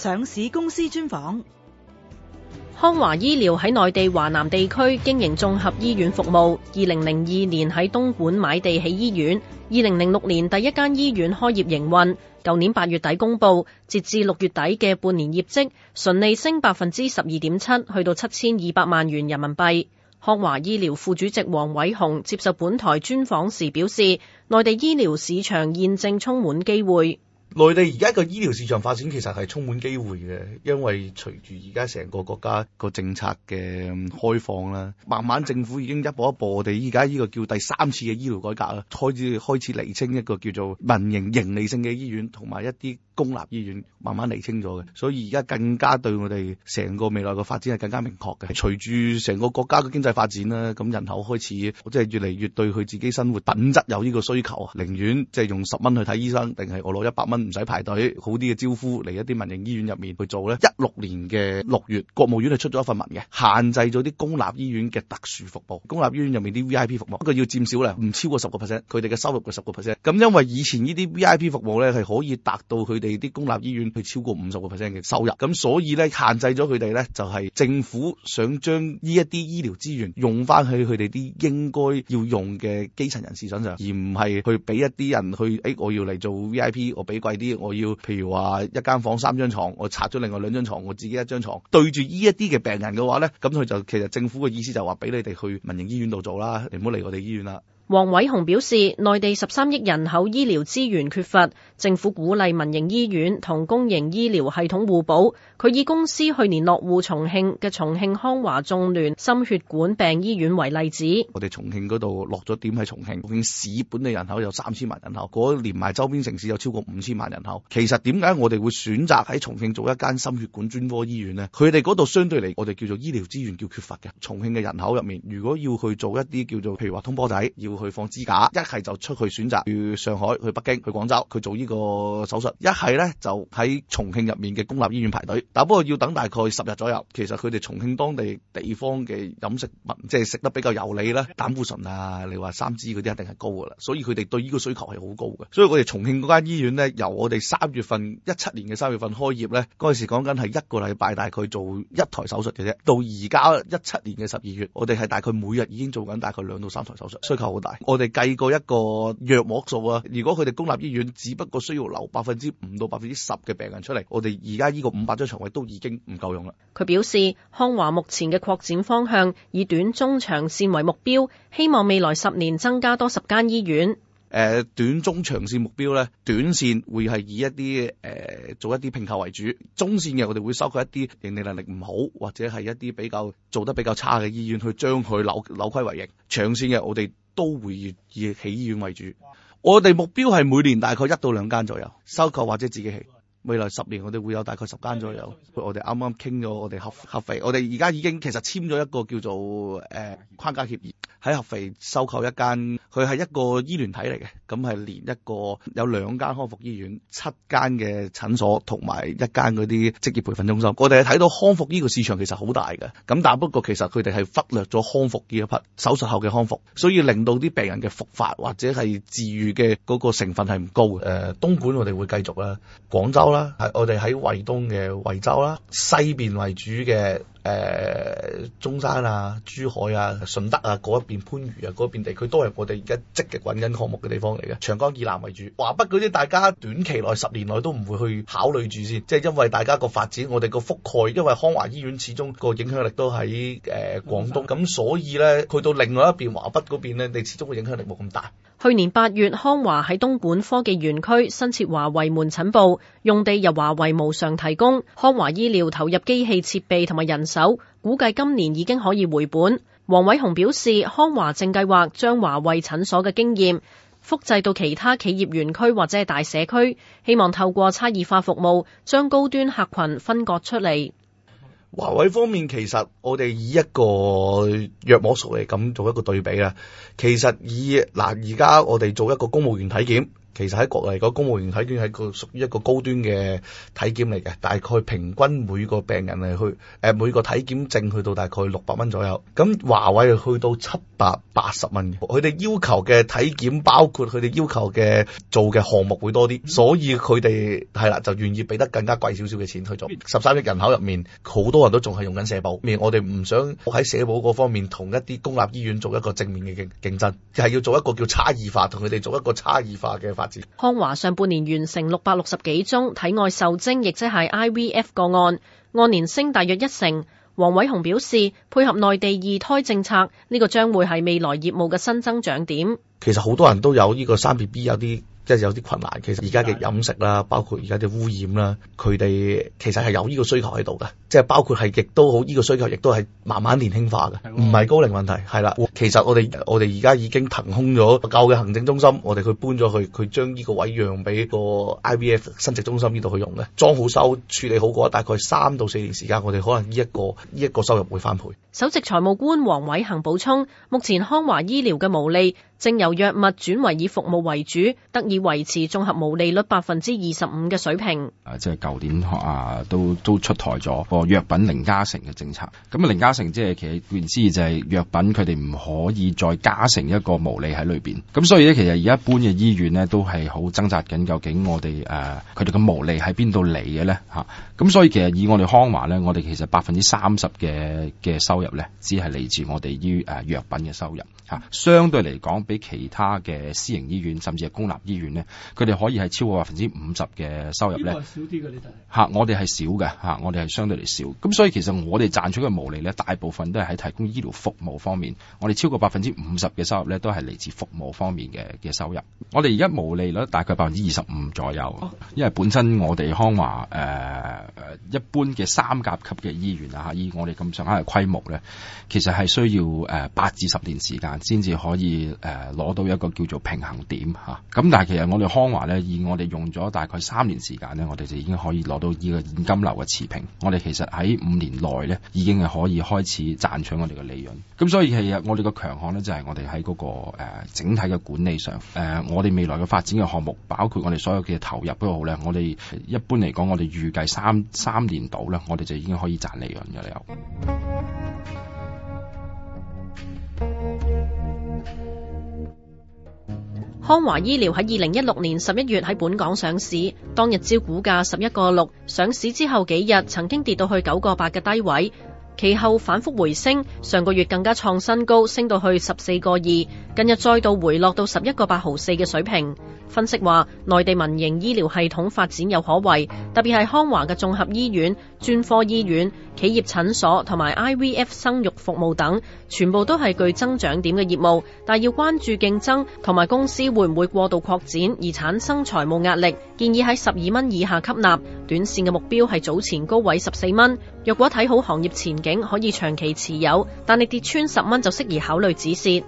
上市公司專訪康華醫療喺內地華南地區經營綜合醫院服務。二零零二年喺東莞買地起醫院，二零零六年第一間醫院開業營運。舊年八月底公布，截至六月底嘅半年業績，純利升百分之十二點七，去到七千二百萬元人民幣。康華醫療副主席王偉雄接受本台專訪時表示，內地醫療市場現正充滿機會。內地而家個醫療市場發展其實係充滿機會嘅，因為隨住而家成個國家個政策嘅開放啦，慢慢政府已經一步一步，我哋依家呢個叫第三次嘅醫療改革啦，開始開始釐清一個叫做民營盈利性嘅醫院同埋一啲公立醫院慢慢釐清咗嘅，所以而家更加對我哋成個未來嘅發展係更加明確嘅。隨住成個國家嘅經濟發展啦，咁人口開始即係越嚟越對佢自己生活品質有呢個需求啊，寧願即係用十蚊去睇醫生，定係我攞一百蚊？唔使排隊，好啲嘅招呼嚟一啲民營醫院入面去做呢。一六年嘅六月，國務院係出咗一份文嘅，限制咗啲公立醫院嘅特殊服務。公立醫院入面啲 VIP 服務，不過要佔少量，唔超過十個 percent。佢哋嘅收入嘅十個 percent。咁因為以前呢啲 VIP 服務呢，係可以達到佢哋啲公立醫院去超過五十個 percent 嘅收入，咁所以呢，限制咗佢哋呢，就係政府想將呢一啲醫療資源用翻去佢哋啲應該要用嘅基層人士身上，而唔係去俾一啲人去誒我要嚟做 VIP，我俾細啲，我要譬如話一間房三張床，我拆咗另外兩張床，我自己一張床，對住呢一啲嘅病人嘅話咧，咁佢就其實政府嘅意思就話俾你哋去民營醫院度做啦，你唔好嚟我哋醫院啦。王偉雄表示，內地十三億人口醫療資源缺乏，政府鼓勵民營醫院同公營醫療系統互補。佢以公司去年落戶重慶嘅重慶康華眾聯心血管病醫院為例子。我哋重慶嗰度落咗點喺重慶，重慶市本地人口有三千萬人口，嗰連埋周邊城市有超過五千萬人口。其實點解我哋會選擇喺重慶做一間心血管專科醫院呢？佢哋嗰度相對嚟，我哋叫做醫療資源叫缺乏嘅。重慶嘅人口入面，如果要去做一啲叫做，譬如話通波仔要。去放支架，一係就出去選擇，去上海、去北京、去廣州，去做呢個手術。一係呢就喺重慶入面嘅公立醫院排隊，但不過要等大概十日左右。其實佢哋重慶當地地方嘅飲食物，即係食得比較油膩啦，膽固醇啊，你話三脂嗰啲一定係高噶啦。所以佢哋對呢個需求係好高嘅。所以我哋重慶嗰間醫院呢，由我哋三月份一七年嘅三月份開業呢，嗰陣時講緊係一個禮拜大概做一台手術嘅啫。到而家一七年嘅十二月，我哋係大概每日已經做緊大概兩到三台手術，需求好大。我哋計過一個約莫數啊。如果佢哋公立醫院只不過需要留百分之五到百分之十嘅病人出嚟，我哋而家呢個五百張床位都已經唔夠用啦。佢表示，康華目前嘅擴展方向以短中長線為目標，希望未來十年增加多十間醫院。呃、短中長線目標咧，短線會係以一啲、呃、做一啲評級為主；中線嘅我哋會收佢一啲盈利能力唔好或者係一啲比較做得比較差嘅醫院去將它，去將佢扭扭虧為盈；長線嘅我哋。都會以以起醫院為主，我哋目標係每年大概一到兩間左右，收購或者自己起。未來十年我哋會有大概十間左右，我剛剛我。我哋啱啱傾咗，我哋合合肥，我哋而家已經其實簽咗一個叫做誒、呃、框架協議，喺合肥收購一間，佢係一個醫聯體嚟嘅，咁係連一個有兩間康復醫院、七間嘅診所同埋一間嗰啲職業培訓中心。我哋睇到康復呢個市場其實好大嘅，咁但係不過其實佢哋係忽略咗康復呢一匹手術後嘅康復，所以令到啲病人嘅復發或者係治癒嘅嗰個成分係唔高嘅。誒、呃，東莞我哋會繼續啦，廣州。係我哋喺惠東嘅惠州啦，西邊為主嘅。誒、呃，中山啊、珠海啊、順德啊嗰一邊、番禺啊嗰邊地區都係我哋而家積極揾緊項目嘅地方嚟嘅。長江以南為主，華北嗰啲大家短期內、十年內都唔會去考慮住先，即係因為大家個發展，我哋個覆蓋，因為康華醫院始終個影響力都喺誒、呃、廣東，咁棒所以呢，去到另外一邊華北嗰邊呢，你始終嘅影響力冇咁大。去年八月，康華喺東莞科技園區新設華為門診部，用地由華為無償提供，康華醫療投入機器設備同埋人。手估計今年已經可以回本。王偉雄表示，康華正計劃將華為診所嘅經驗複製到其他企業園區或者係大社區，希望透過差異化服務，將高端客群分割出嚟。華為方面，其實我哋以一個若魔術嚟咁做一個對比啦。其實以嗱，而家我哋做一個公務員體檢。其實喺國內個公務員體檢係個屬於一個高端嘅體檢嚟嘅，大概平均每個病人嚟去，誒每個體檢證去到大概六百蚊左右。咁華為去到七百八十蚊，佢哋要求嘅體檢包括佢哋要求嘅做嘅項目會多啲，所以佢哋係啦就願意俾得更加貴少少嘅錢去做。十三億人口入面，好多人都仲係用緊社保，我哋唔想喺社保嗰方面同一啲公立醫院做一個正面嘅競競爭就係要做一個叫差異化，同佢哋做一個差異化嘅。康華上半年完成六百六十幾宗體外受精，亦即係 I V F 個案，按年升大約一成。王偉雄表示，配合內地二胎政策，呢、呢個將會係未來業務嘅新增長點。其實好多人都有呢個三 B B 有啲即係有啲困難。其實而家嘅飲食啦，包括而家嘅污染啦，佢哋其實係有呢個需求喺度嘅。即係包括係，亦都好呢個需求，亦都係慢慢年輕化嘅，唔係高齡問題，係啦。其實我哋我哋而家已經騰空咗舊嘅行政中心，我哋佢搬咗去，佢將呢個位讓俾個 IVF 生殖中心呢度去用咧，裝好修處理好嗰大概三到四年時間，我哋可能呢一個呢一個收入會翻倍。首席財務官黃偉恆補充，目前康華醫療嘅毛利正由藥物轉為以服務為主，得以維持綜合毛利率百分之二十五嘅水平。誒，即係舊年啊，都都出台咗。藥品零加成嘅政策，咁啊零加成即係其實換言之就係藥品佢哋唔可以再加成一個毛利喺裏邊，咁所以咧其實而家一般嘅醫院咧都係好掙扎緊，究竟我哋誒，佢哋嘅毛利喺邊度嚟嘅咧吓？咁所以其實以我哋康華咧，我哋其實百分之三十嘅嘅收入咧，只係嚟自我哋於誒藥品嘅收入。啊、相對嚟講，比其他嘅私營醫院甚至係公立醫院呢，佢哋可以係超過百分之五十嘅收入呢，少啲、啊、我哋係少嘅，我哋係相對嚟少。咁所以其實我哋賺取嘅毛利呢，大部分都係喺提供醫療服務方面。我哋超過百分之五十嘅收入呢，都係嚟自服務方面嘅嘅收入。我哋而家毛利率大概百分之二十五左右，哦、因為本身我哋康華、呃、一般嘅三甲級嘅醫院啊，以我哋咁上下嘅規模呢，其實係需要呃、八至十年時間。先至可以、呃、攞到一個叫做平衡點吓、咁、但係其實我哋康華呢，以我哋用咗大概三年時間呢，我哋就已經可以攞到呢個現金流嘅持平。我哋其實喺五年內呢，已經係可以開始賺取我哋嘅利潤。咁所以其實我哋嘅強項呢，就係、是、我哋喺嗰個、呃、整體嘅管理上，呃、我哋未來嘅發展嘅項目，包括我哋所有嘅投入都好呢，我哋一般嚟講，我哋預計三三年度呢，我哋就已經可以賺利潤嘅有。康華醫療喺二零一六年十一月喺本港上市，當日招股價十一個六，上市之後幾日曾經跌到去九個八嘅低位，其後反復回升，上個月更加創新高，升到去十四個二。近日再度回落到十一個八毫四嘅水平。分析話，內地民營醫療系統發展有可為，特別係康華嘅綜合醫院、專科醫院、企業診所同埋 IVF 生育服務等，全部都係具增長點嘅業務。但係要關注競爭同埋公司會唔會過度擴展而產生財務壓力。建議喺十二蚊以下吸納。短線嘅目標係早前高位十四蚊。若果睇好行業前景，可以長期持有，但係跌穿十蚊就適宜考慮止蝕。